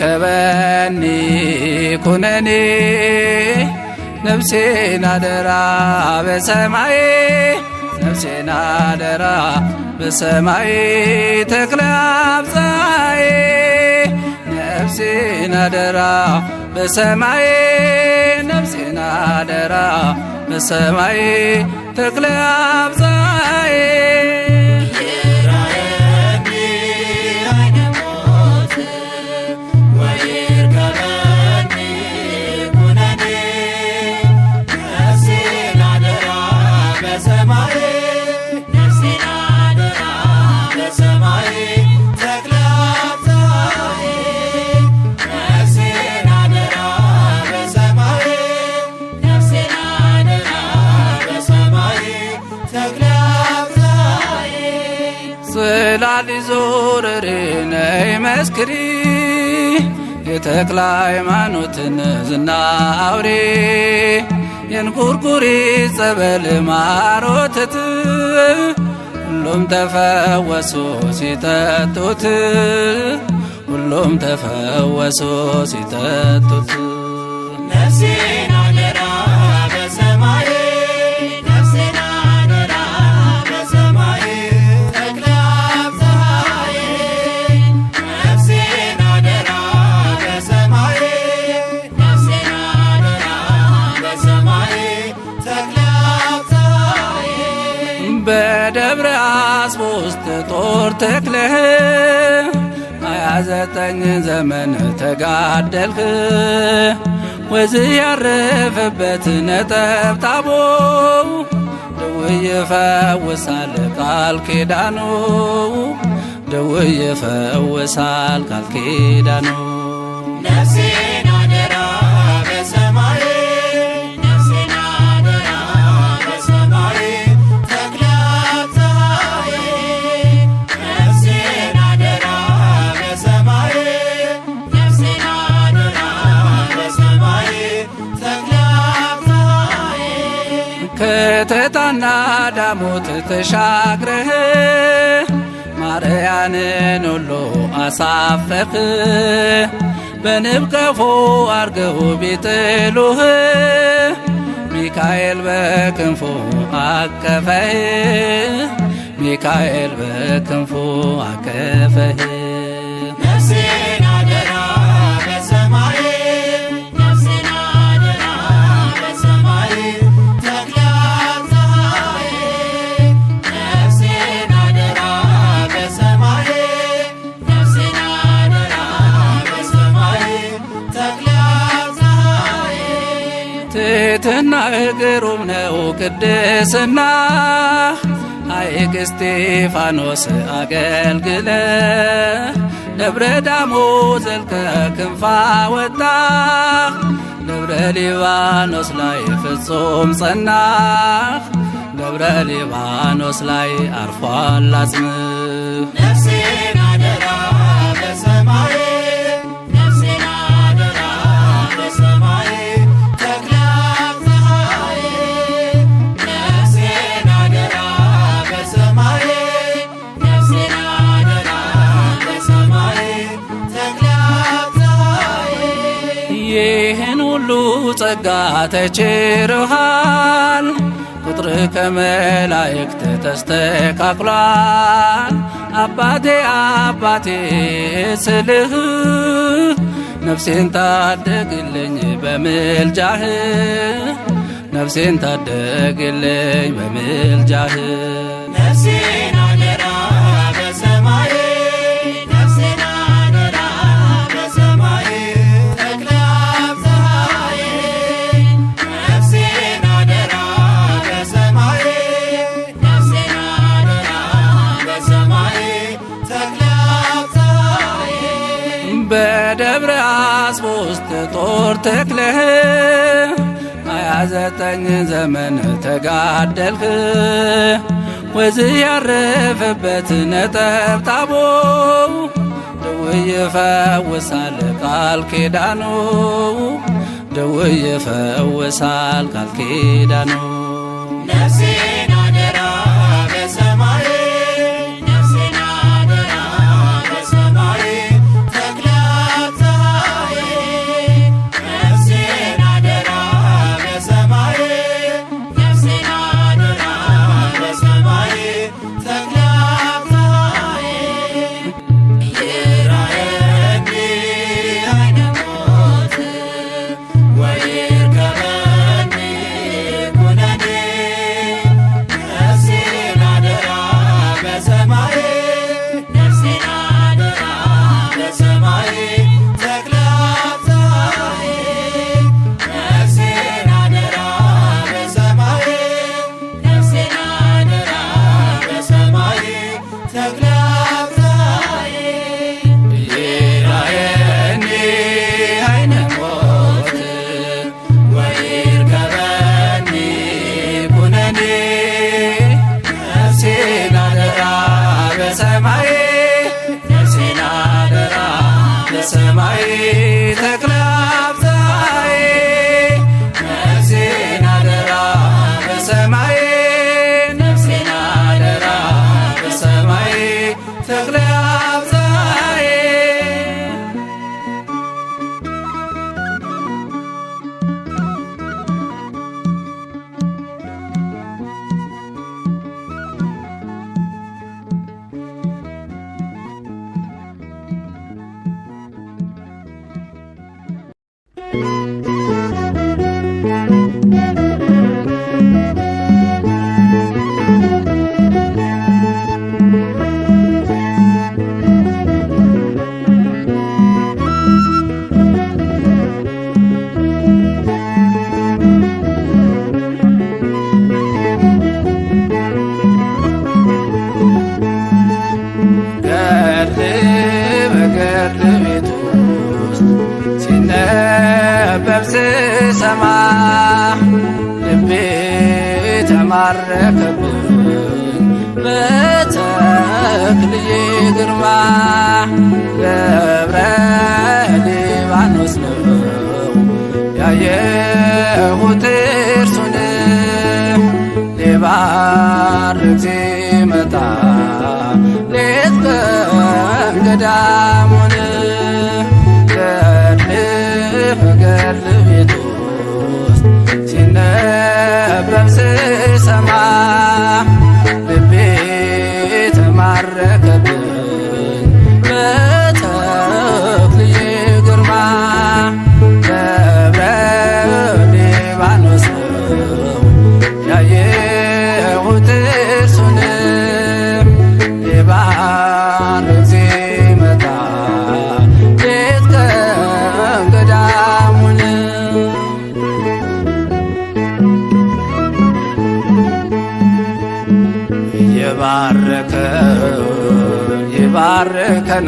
ተቀበኒ ኩነኒ ነፍሴን አደራ በሰማይ ነፍሴን አደራ በሰማይ ተክለ አብፃዬ ነፍሴን አደራ በሰማይ ነፍሴን አደራ በሰማይ ተክለ አብፃዬ መስክሪ የተክለ ሃይማኖትን ዝና አውሪ የንኩርኩሪ ጸበል ማሮትት ሁሉም ተፈወሱ ሲጠጡት ሁሉም ተፈወሱ ሲጠጡት ጦር ተክለህ ሃያ ዘጠኝ ዘመን ተጋደልህ ወዝ ያረፈበት ነጠብጣቦ ደው ይፈውሳል ቃል ኪዳኑ ደው ይፈውሳል ቃል ኪዳኑ ጌታና ዳሞት ተሻግረህ ማርያንን ሁሉ አሳፈርህ በንብ ቀፎ አርገው ቢጥሉህ ሚካኤል በክንፉ አቀፈህ ሚካኤል በክንፉ አቀፈህ ግሩም ነው ቅድስና ሐይቅ እስጢፋኖስ አገልግለ ደብረ ዳሞ ዘልከ ክንፋ ወጣ ደብረ ሊባኖስ ላይ ፍጹም ጸናህ ደብረ ሊባኖስ ላይ አርፏል አጽምህ ነፍሴን አደራ በሰማይ ጸጋ ተችርሃል ቁጥር ከመላእክት ተስተካክሏል። አባቴ አባቴ ስልህ ነፍሴን ታደግልኝ በምልጃህ ነፍሴን ታደግልኝ በምልጃህ ተክለህ አያዘጠኝ ዘመን ተጋደልህ ወዝህ ያረፈበት ነጠብጣቦ ደዌ ይፈውሳል ቃል ኪዳኑ ደዌ ይፈውሳል ቃል ኪዳኑ ስሰማ ልቤ ተማረከብኝ በተክልዬ ግርማ ገብረ ሊባኖስ ነው ያየሁት እርሱን ሊባርክ ሲመጣ ሌት ቀን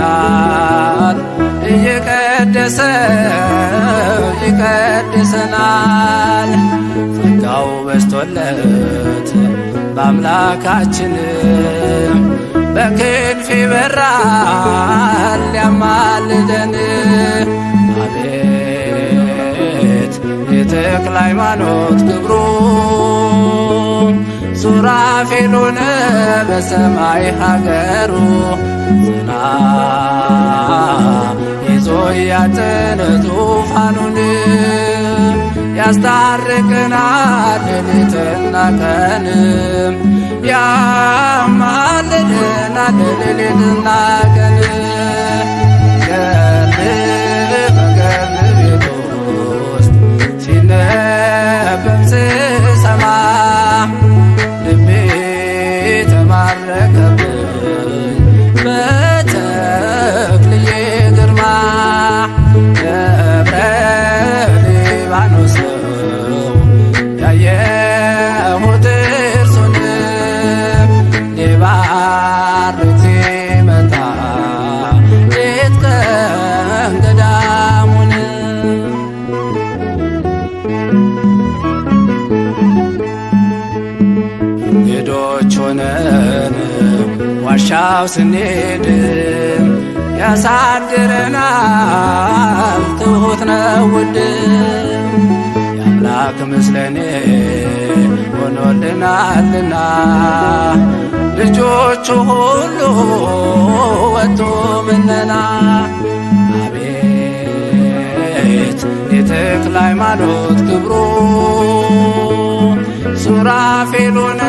ይቀድሰናል እየቀደሰ ይቀድሰናል ጸጋው በስቶለት በአምላካችን በክንፍ ይበራል ሊያማልደን አቤት የተክለ ሃይማኖት ክብሩ ሱራፌሉን በሰማይ ሀገሩ ጽና ይዞ ያጠነ ዙፋኑን ያስታርቀናል ሌሊትና ቀን ያማልደናል ሌሊትና ቀን ጥላው ስንሄድ ያሳድረናል ትሁት ነው ውድ የአምላክ ምስለኔ ሆኖልናልና ልጆቹ ሁሉ ወጡ ምነና አቤት የተክለ ሃይማኖት ክብሩ ሱራፌሉን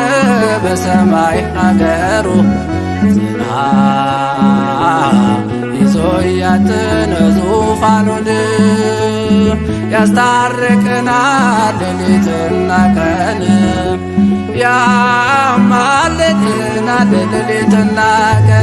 በሰማይ አገሩ ይዞ ያተነ ዙፋኑን ያስታርቅናል ሌሊትና ቀን ያማልድናል ሌሊትና ቀን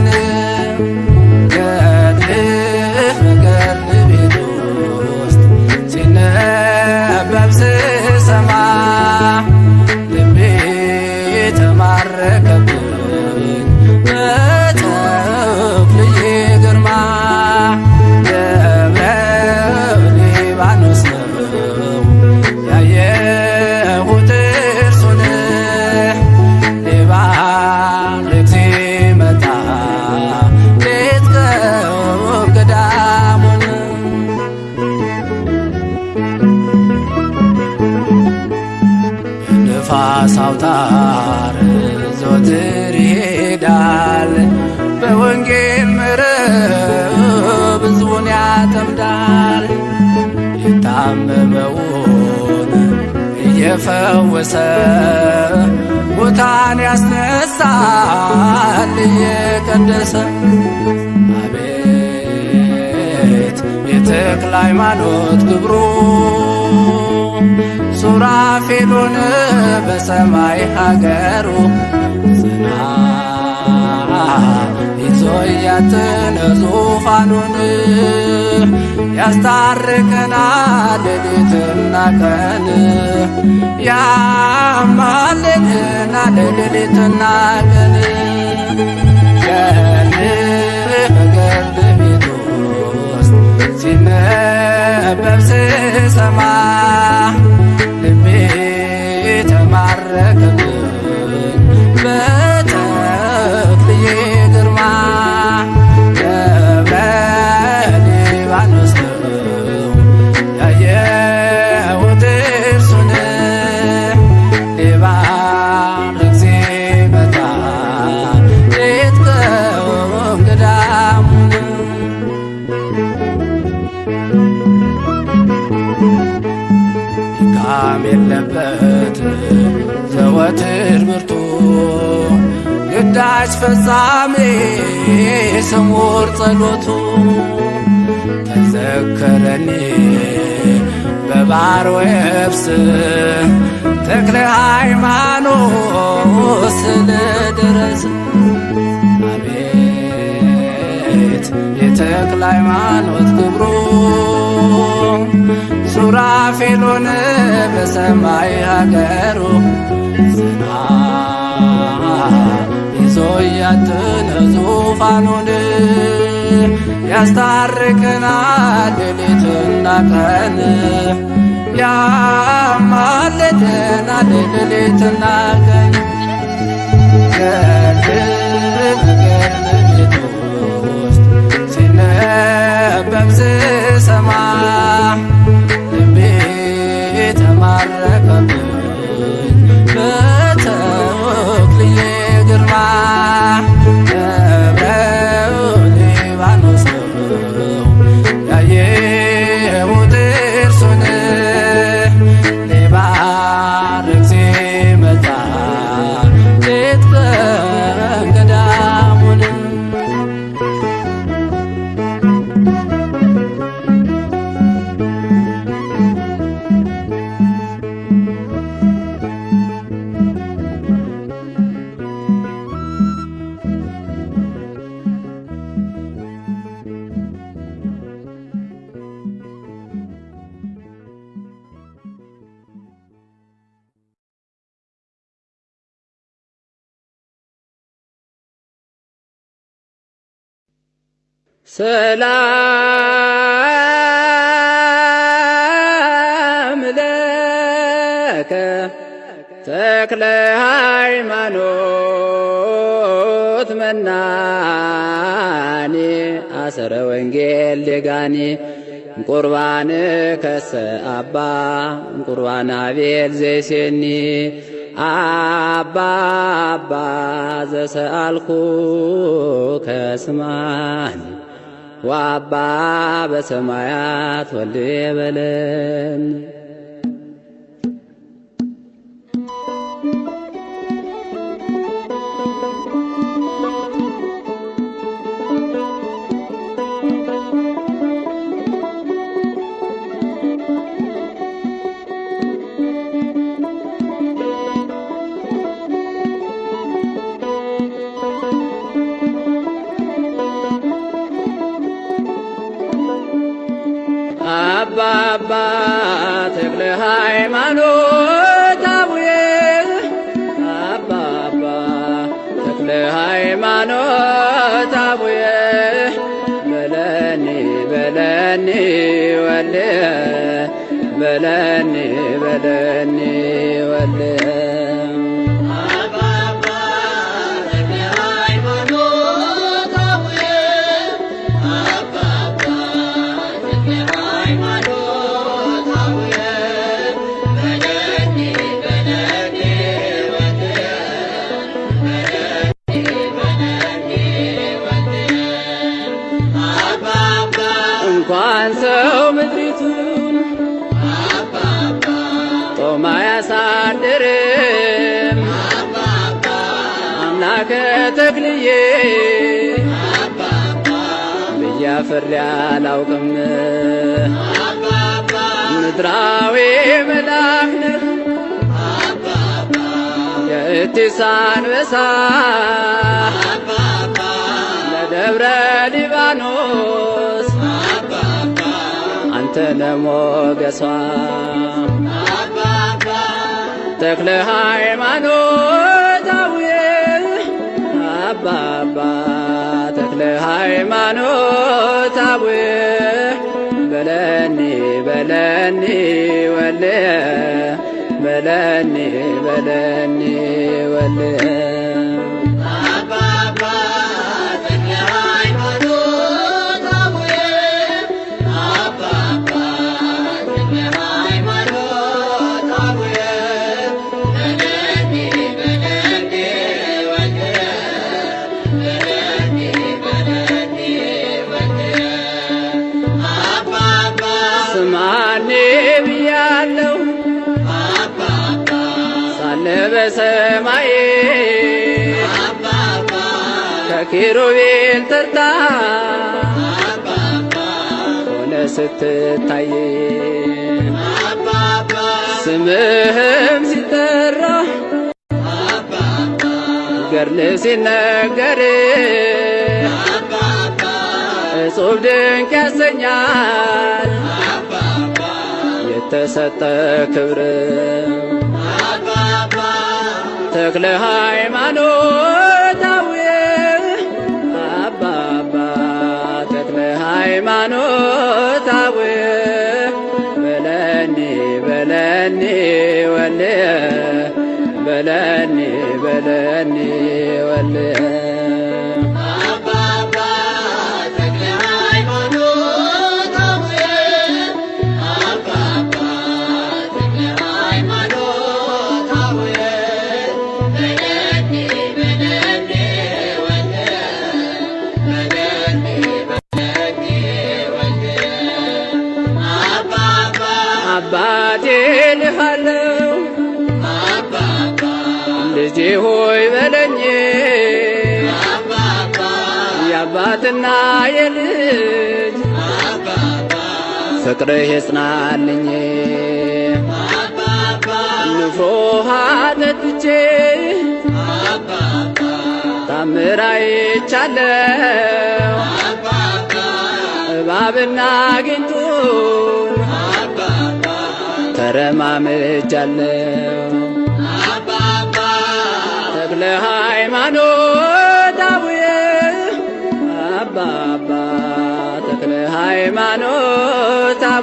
ጋር ዘወትር ይሄዳል በወንጌል መረብ ሕዝቡን ያጠምዳል የታመመውን እየፈወሰ ሙታን ያስነሳል እየቀደሰ አቤት የተክለ ሃይማኖት ግብሩ ሱራፌሉን በሰማይ ሀገሩ ጽና ይዞ ያትነው ዙፋኑን ያስታርቀናል ሌሊትና ቀን ያማልደናል ሌሊትና ቀን ሲነበብ ስሰማ ማለት ዘወትር ብርቱ ግዳጅ ፈጻሜ ስሙር ጸሎቱ ተዘከረኒ በባር ወብስ ተክለ ሃይማኖት ስለ አቤት የተክለ ሃይማኖት ክብሩ ሱራፌሉን በሰማይ ሀገሩ ዝናብ ይዞ ያተነ ዙፋኑን ያስታርቀናል ሌሊትና ቀን ያማልደናል ሌሊትና ቀን ሲነበብ ስሰማ ባረከብኝ በተክልዬ ግርማ ሰላም ለከ ተክለ ሃይማኖት መናኔ አሰረ ወንጌል ሌጋኔ ቁርባን ከሰ አባ ቁርባን አቤል ዘይሴኒ አባ አባ ዘሰአልኩ ከስማኒ ወአባ በሰማያት ወልደ በለን አስፈሪ አላውቅም ምድራዊ መላክነት የእቲስ አንበሳ ለደብረ ሊባኖስ አንተ ነሞገሷ ተክለ ሃይማኖት አቡዬ አባባ ሃይማኖት አብ በለኒ በለኒ ወልየ በለኒ በለኒ ወልየ ኪሩቤል ተርታ ሆነ ስትታይ ስምህም ሲጠራ ገርል ሲነገር እጹብ ድንቅ ያሰኛል የተሰጠ ክብር ተክለ ሃይማኖት ይኖራል። አባቴ ልሃለው ልጄ ሆይ የአባትና የልጅ ፍቅር የጽናልኝ ንፍሮ ሀጠጥቼ ታምር አይቻለው እባብና ግንጡን ተረማምጃለው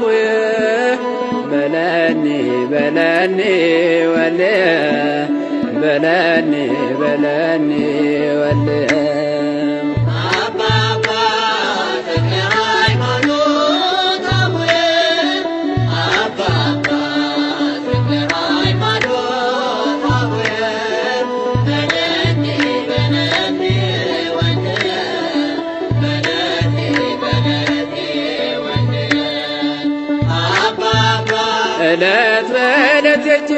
በለኒ በለኒ በለኒ በለኒ እለት በእለት እጅ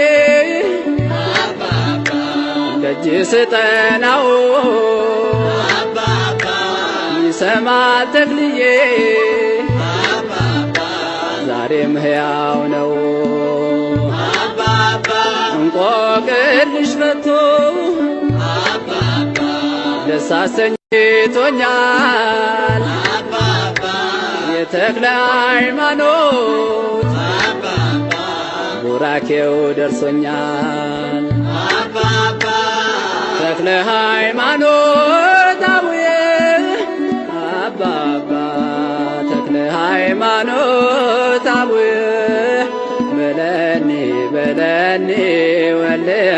ደጅ ስጠናው ይሰማ ተክልዬ ዛሬም ሕያው ነው። እንቆቅልሽ መቶ ደስ አሰኝቶኛል የተክለ ሃይማኖት ቡራኬው ደርሶኛል። አባባ ተክለ ሃይማኖት አቡዬ አባባ ተክለ ሃይማኖት አቡዬ በለኒ በለኒ ወልየ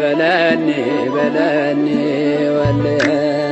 በለኒ በለኒ ወልየ